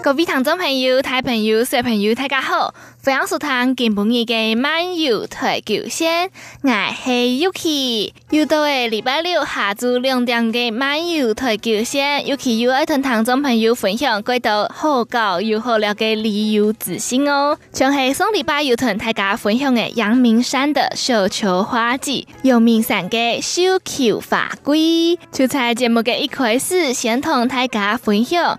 各位聽眾朋友、大朋友、小朋友大家好！歡迎收聽《今晡日》的慢遊台灣共下行，我是 Yuki。又到誒禮拜六，下晝兩點嘅慢遊台灣共下行，Yuki 又愛同聽眾朋友分享幾多好搞又好聊嘅旅遊資訊哦。今日上禮拜有同大家分享誒，陽明山的繡球花季，陽明山嘅繡球法規。精彩節目嘅一開始，先同大家分享。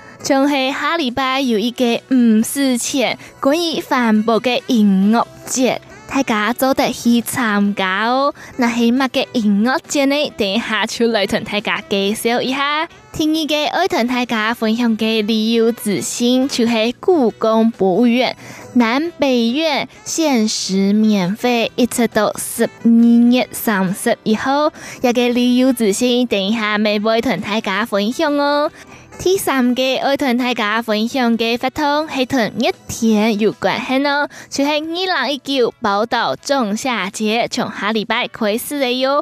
仲是下禮拜有一個唔使錢關於環保的音樂節，大家做第去參加哦。那係乜嘅音樂節呢？等一下就來同大家介紹一下。聽一個愛同大家分享嘅旅遊資訊就是故宮博物院南北院，限時免費，一直到十二月三十一號。一個旅遊資訊，等一下咪會同大家分享哦。第三個我同大家分享嘅發通係同一天有關係咯，就係二零一九寶島仲夏節從下禮拜開始嘅喲。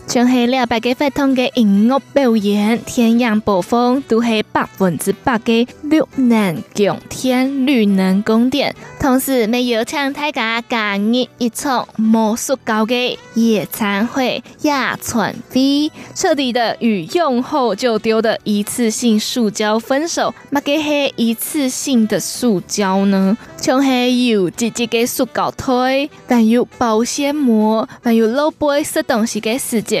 全系了白家發通的音樂表演，天然暴風都是百分之百的綠能強天綠能供電。同時沒有像大家假日一場魔術高的野餐會也存飛，徹底的與用後就丟的一次性塑膠分手。乜嘅係一次性的塑膠呢？全係有自己的塑膠袋，還有保鮮膜，還有老闆送東西嘅時間。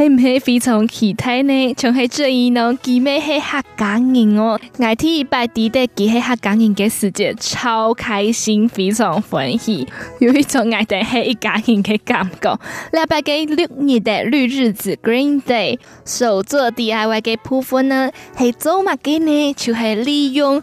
係唔係非常期待呢？就係最伊農，佢咩係客家人哦！我哋一班，記得佢係客家人嘅，時節超開心，非常歡喜，有一種我哋係一家人嘅感覺。禮拜嘅六日嘅日子 （Green Day） 手作 D I Y 嘅部分呢，係做乜嘅呢？就係利用。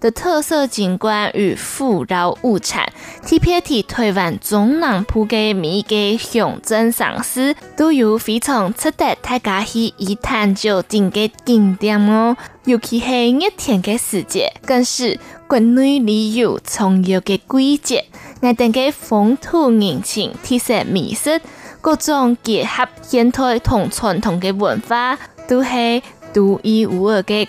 的特色景觀與富饒物產，TPT 台灣中南部嘅每個鄉鎮、城市都有非常值得大家去一探究竟嘅景點哦。尤其是熱天的時節，更是國內旅遊重要的季節。我哋的風土人情、特色美食、各種結合現代同傳統的文化，都是獨一無二的。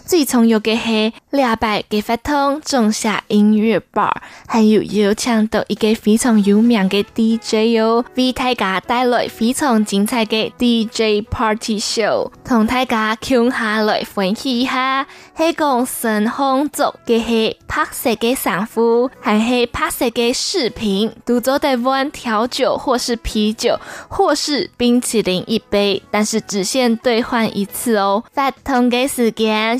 最重要嘅係，兩百個發通仲下音樂吧，還有有搶到一個非常有名的 DJ 哦，為大家帶來非常精彩的 DJ party show，同大家傾下來分析一下。香神盛豐族嘅係拍攝嘅相片，還係拍攝嘅視頻，獨做一玩調酒，或是啤酒，或是冰淇淋一杯，但是只限兌換一次哦。發通嘅時間